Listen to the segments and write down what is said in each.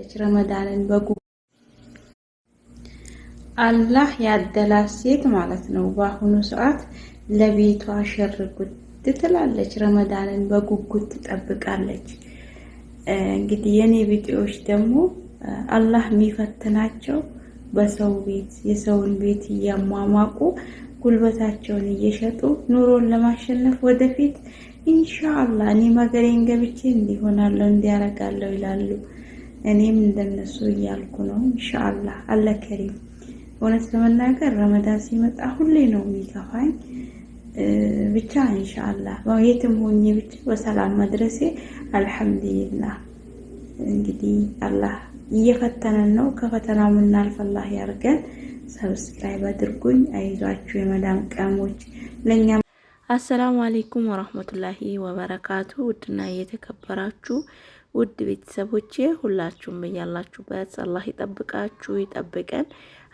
አደላች ረመዳንን በጉ አላህ ያደላት ሴት ማለት ነው። በአሁኑ ሰዓት ለቤቷ ሸርጉት ጉድ ትላለች። ረመዳንን በጉጉት ትጠብቃለች። እንግዲህ የኔ ቢጤዎች ደግሞ አላህ የሚፈትናቸው በሰው ቤት የሰውን ቤት እያሟሟቁ ጉልበታቸውን እየሸጡ ኑሮን ለማሸነፍ ወደፊት ኢንሻአላህ እኔ መገሬን ገብቼ እንዲሆናለሁ እንዲያረጋለሁ ይላሉ። እኔም እንደነሱ እያልኩ ነው። ኢንሻአላህ አለ ከሪም። እውነት ለመናገር ረመዳን ሲመጣ ሁሌ ነው የሚከፋኝ። ብቻ ኢንሻአላህ የትም ሆኜ ብቻ በሰላም መድረሴ አልሐምዱሊላህ። እንግዲህ አላህ እየፈተነን ነው። ከፈተናው ምናልፈላህ ያርገን። ሰብስክራይብ አድርጉኝ። አይዟችሁ የመዳም ቀሞች ለኛ። አሰላሙ አለይኩም ወራህመቱላሂ ወበረካቱ። ውድና እየተከበራችሁ ውድ ቤተሰቦቼ ሁላችሁም እያላችሁበት አላህ ይጠብቃችሁ ይጠብቀን።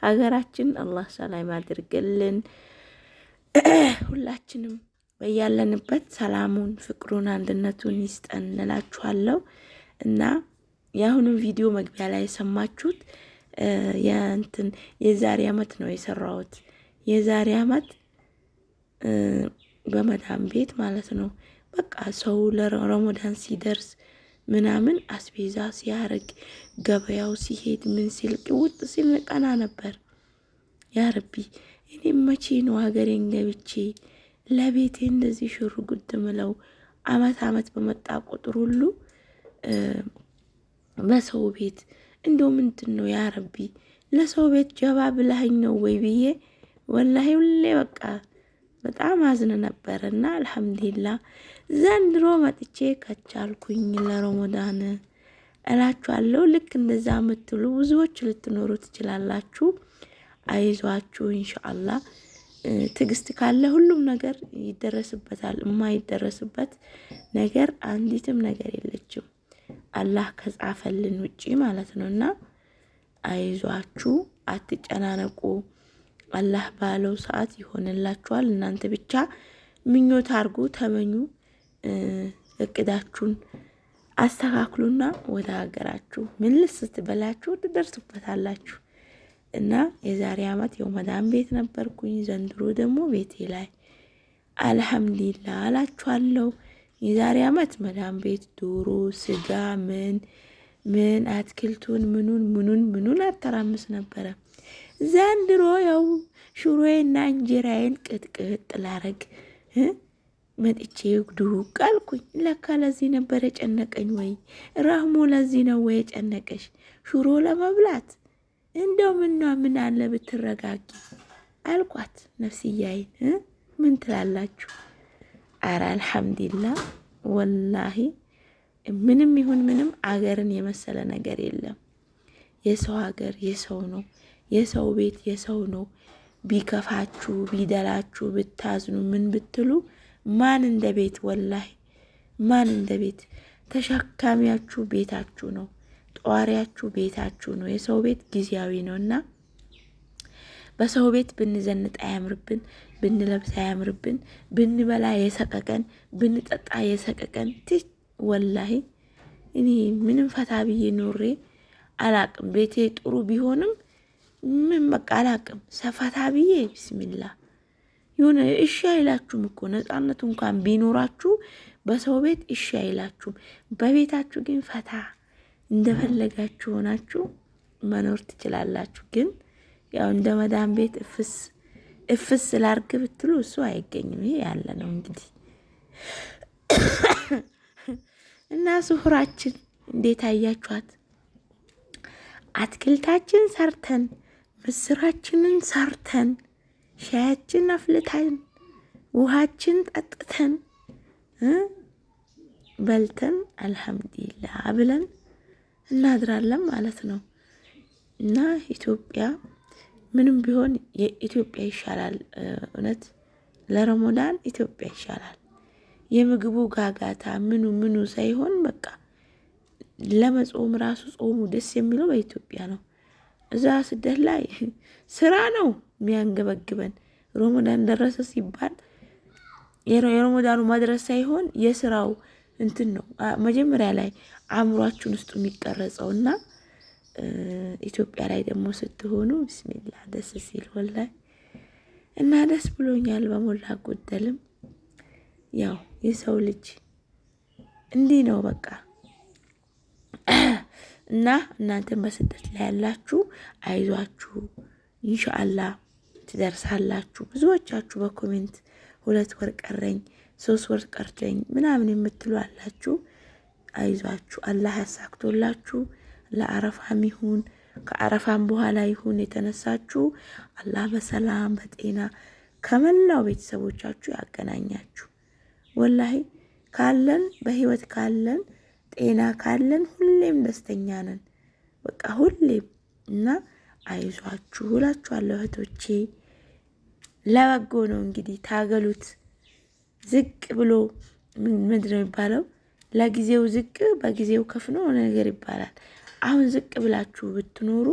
ሀገራችን አላህ ሰላም ያድርግልን። ሁላችንም በያለንበት ሰላሙን፣ ፍቅሩን፣ አንድነቱን ይስጠን እንላችኋለሁ እና የአሁኑን ቪዲዮ መግቢያ ላይ የሰማችሁት የእንትን የዛሬ አመት ነው የሰራሁት የዛሬ አመት በመዳም ቤት ማለት ነው። በቃ ሰው ለረመዳን ሲደርስ ምናምን አስቤዛ ሲያርግ ገበያው ሲሄድ ምን ሲል ቅውጥ ሲል ንቀና ነበር። ያረቢ እኔም መቼ ነው ሀገሬን ገብቼ ለቤቴ እንደዚህ ሽር ጉድ ምለው? አመት አመት በመጣ ቁጥር ሁሉ በሰው ቤት እንደው ምንድን ነው ያረቢ ለሰው ቤት ጀባ ብላኸኝ ነው ወይ ብዬ ወላሂ ሁሌ በቃ በጣም አዝነ ነበረ እና አልሐምዱሊላህ ዘንድሮ መጥቼ ከቻልኩኝ ለረመዳን እላችኋለሁ። ልክ እንደዛ የምትሉ ብዙዎች ልትኖሩ ትችላላችሁ። አይዟችሁ፣ እንሻአላ ትዕግስት ካለ ሁሉም ነገር ይደረስበታል። የማይደረስበት ነገር አንዲትም ነገር የለችም አላህ ከጻፈልን ውጪ ማለት ነው። እና አይዟችሁ፣ አትጨናነቁ። አላህ ባለው ሰዓት ይሆንላችኋል። እናንተ ብቻ ምኞት አርጉ፣ ተመኙ። እቅዳችሁን አስተካክሉና ወደ ሀገራችሁ ምልስ ስትበላችሁ ትደርሱበታላችሁ። እና የዛሬ ዓመት የመዳን ቤት ነበርኩኝ። ዘንድሮ ደግሞ ቤቴ ላይ አልሐምዲላ አላችኋለሁ። የዛሬ አመት መዳን ቤት ዶሮ፣ ስጋ፣ ምን ምን አትክልቱን ምኑን ምኑን ምኑን አተራምስ ነበረ። ዘንድሮ ያው ሽሮዬና እንጀራዬን ቅጥቅጥ ላረግ መጥቼ ዱቅ አልኩኝ። ለካ ለዚህ ነበር የጨነቀኝ። ወይ ረህሙ ለዚህ ነው ወይ ጨነቀሽ ሹሮ ለመብላት? እንደው ምና ምን አለ ብትረጋጊ አልኳት ነፍስያይን። ምን ትላላችሁ? አረ አልሐምዲላ ወላሂ ምንም ይሁን ምንም አገርን የመሰለ ነገር የለም። የሰው ሀገር የሰው ነው። የሰው ቤት የሰው ነው። ቢከፋችሁ ቢደላችሁ ብታዝኑ ምን ብትሉ ማን እንደ ቤት ወላሂ ማን እንደ ቤት ተሸካሚያችሁ ቤታችሁ ነው፣ ጠዋሪያችሁ ቤታችሁ ነው። የሰው ቤት ጊዜያዊ ነው እና በሰው ቤት ብንዘንጥ አያምርብን፣ ብንለብስ አያምርብን፣ ብንበላ የሰቀቀን፣ ብንጠጣ የሰቀቀን ትች ወላሂ እኔ ምንም ፈታ ብዬ ኖሬ አላቅም። ቤቴ ጥሩ ቢሆንም ምን በቃ አላቅም። ሰፈታ ብዬ ብስሚላ የሆነ እሺ አይላችሁም እኮ ነጻነቱ እንኳን ቢኖራችሁ በሰው ቤት እሺ አይላችሁም። በቤታችሁ ግን ፈታ እንደፈለጋችሁ ሆናችሁ መኖር ትችላላችሁ። ግን ያው እንደ መዳን ቤት እፍስ እፍስ ስላርግ ብትሉ እሱ አይገኝም። ይሄ ያለ ነው እንግዲህ እና ስሁራችን እንዴት አያችኋት? አትክልታችን ሰርተን ምስራችንን ሰርተን ሻያችን አፍልተን ውሃችን ጠጥተን በልተን አልሐምዱሊላህ ብለን እናድራለን ማለት ነው። እና ኢትዮጵያ ምንም ቢሆን የኢትዮጵያ ይሻላል። እውነት ለረሞዳን ኢትዮጵያ ይሻላል። የምግቡ ጋጋታ ምኑ ምኑ ሳይሆን በቃ ለመጾም ራሱ ጾሙ ደስ የሚለው በኢትዮጵያ ነው። እዛ ስደት ላይ ስራ ነው። የሚያንገበግበን። ሮሞዳን ደረሰ ሲባል የሮሞዳኑ ማድረስ ሳይሆን የስራው እንትን ነው መጀመሪያ ላይ አእምሯችን ውስጥ የሚቀረጸው እና ኢትዮጵያ ላይ ደግሞ ስትሆኑ ብስሚላ ደስ ሲል ወላይ እና ደስ ብሎኛል። በሞላ ጎደልም ያው የሰው ልጅ እንዲህ ነው በቃ። እና እናንተን በስደት ላይ ያላችሁ አይዟችሁ፣ ኢንሻአላህ ትደርሳላችሁ። ብዙዎቻችሁ በኮሜንት ሁለት ወር ቀረኝ፣ ሶስት ወር ቀርደኝ ምናምን የምትሉ አላችሁ። አይዟችሁ፣ አላህ ያሳክቶላችሁ። ለአረፋም ይሁን ከአረፋም በኋላ ይሁን የተነሳችሁ አላህ በሰላም በጤና ከመላው ቤተሰቦቻችሁ ያገናኛችሁ። ወላሂ ካለን በህይወት ካለን ጤና ካለን ሁሌም ደስተኛ ነን። በቃ ሁሌም እና አይዟችሁ እላችኋለሁ እህቶቼ። ለበጎ ነው እንግዲህ ታገሉት። ዝቅ ብሎ ምንድን ነው የሚባለው? ለጊዜው ዝቅ በጊዜው ከፍ ነው ነገር ይባላል። አሁን ዝቅ ብላችሁ ብትኖሩ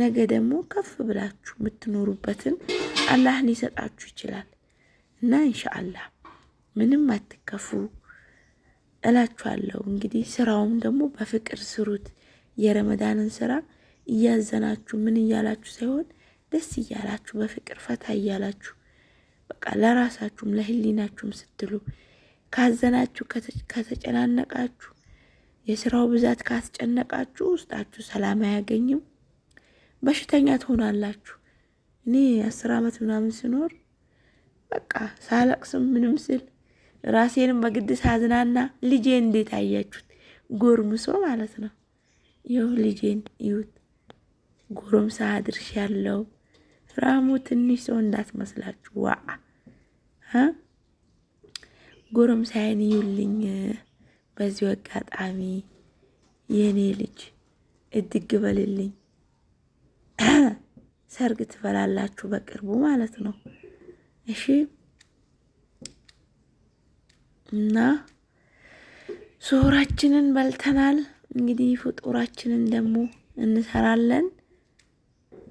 ነገ ደግሞ ከፍ ብላችሁ የምትኖሩበትን አላህ ሊሰጣችሁ ይችላል እና እንሻአላህ ምንም አትከፉ እላችኋለሁ። እንግዲህ ስራውም ደግሞ በፍቅር ስሩት የረመዳንን ስራ እያዘናችሁ ምን እያላችሁ ሳይሆን ደስ እያላችሁ በፍቅር ፈታ እያላችሁ በቃ ለራሳችሁም ለህሊናችሁም ስትሉ ካዘናችሁ፣ ከተጨናነቃችሁ፣ የስራው ብዛት ካስጨነቃችሁ ውስጣችሁ ሰላም አያገኝም፣ በሽተኛ ትሆናላችሁ። እኔ አስር ዓመት ምናምን ስኖር በቃ ሳለቅስም ምንም ስል ራሴንም በግድ ሳዝናና ልጄ እንዴት አያችሁት? ጎርምሶ ማለት ነው። ይኸው ልጄን እዩት። ጎረምሳ አድርሽ ያለው ራሙ ትንሽ ሰው እንዳትመስላችሁ። ዋ ጎረምሳዬን ይዩልኝ። በዚሁ አጋጣሚ የእኔ ልጅ እድግ በልልኝ። ሰርግ ትበላላችሁ በቅርቡ ማለት ነው። እሺ እና ሱሁራችንን በልተናል። እንግዲህ ፍጡራችንን ደግሞ እንሰራለን።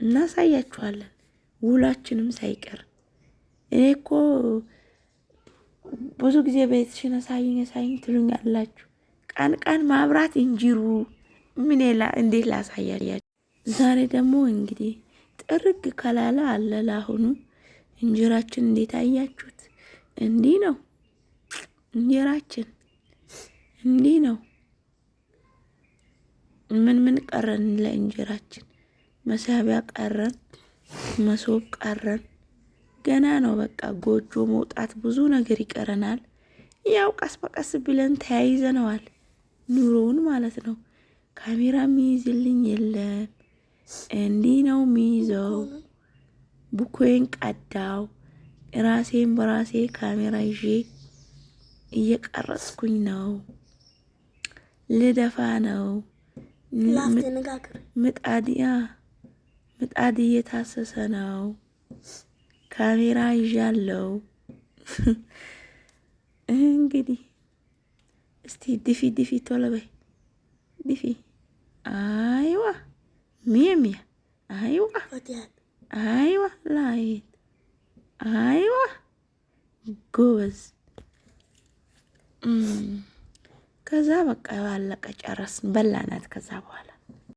እናሳያችኋለን ውሏችንም ሳይቀር። እኔ እኮ ብዙ ጊዜ ቤትሽን አሳይኝ አሳይኝ ትሉኛላችሁ። ቀን ቀን ማብራት እንጂሩ ምን እንዴት ላሳያችሁ? ዛሬ ደግሞ እንግዲህ ጥርግ ከላለ አለ። ለአሁኑ እንጀራችን እንዴት አያችሁት? እንዲህ ነው እንጀራችን፣ እንዲህ ነው። ምን ምን ቀረን ለእንጀራችን? መሳቢያ ቀረን፣ መሶብ ቀረን። ገና ነው በቃ ጎጆ መውጣት ብዙ ነገር ይቀረናል። ያው ቀስ በቀስ ብለን ተያይዘነዋል ኑሮውን ማለት ነው። ካሜራ ሚይዝልኝ የለም እንዲህ ነው ሚይዘው። ቡኮዬን ቀዳው ራሴን በራሴ ካሜራ ይዤ እየቀረጽኩኝ ነው። ልደፋ ነው ምጣድያ ምጣድ እየታሰሰ ነው። ካሜራ ይዣለው። እንግዲህ እስቲ ድፊ ድፊ ቶሎ በይ ድፊ። አይዋ ሚሚያ አይዋ አይዋ ላይት አይዋ ጎበዝ። ከዛ በቃ አለቀ ጨረስን፣ በላናት ከዛ በኋላ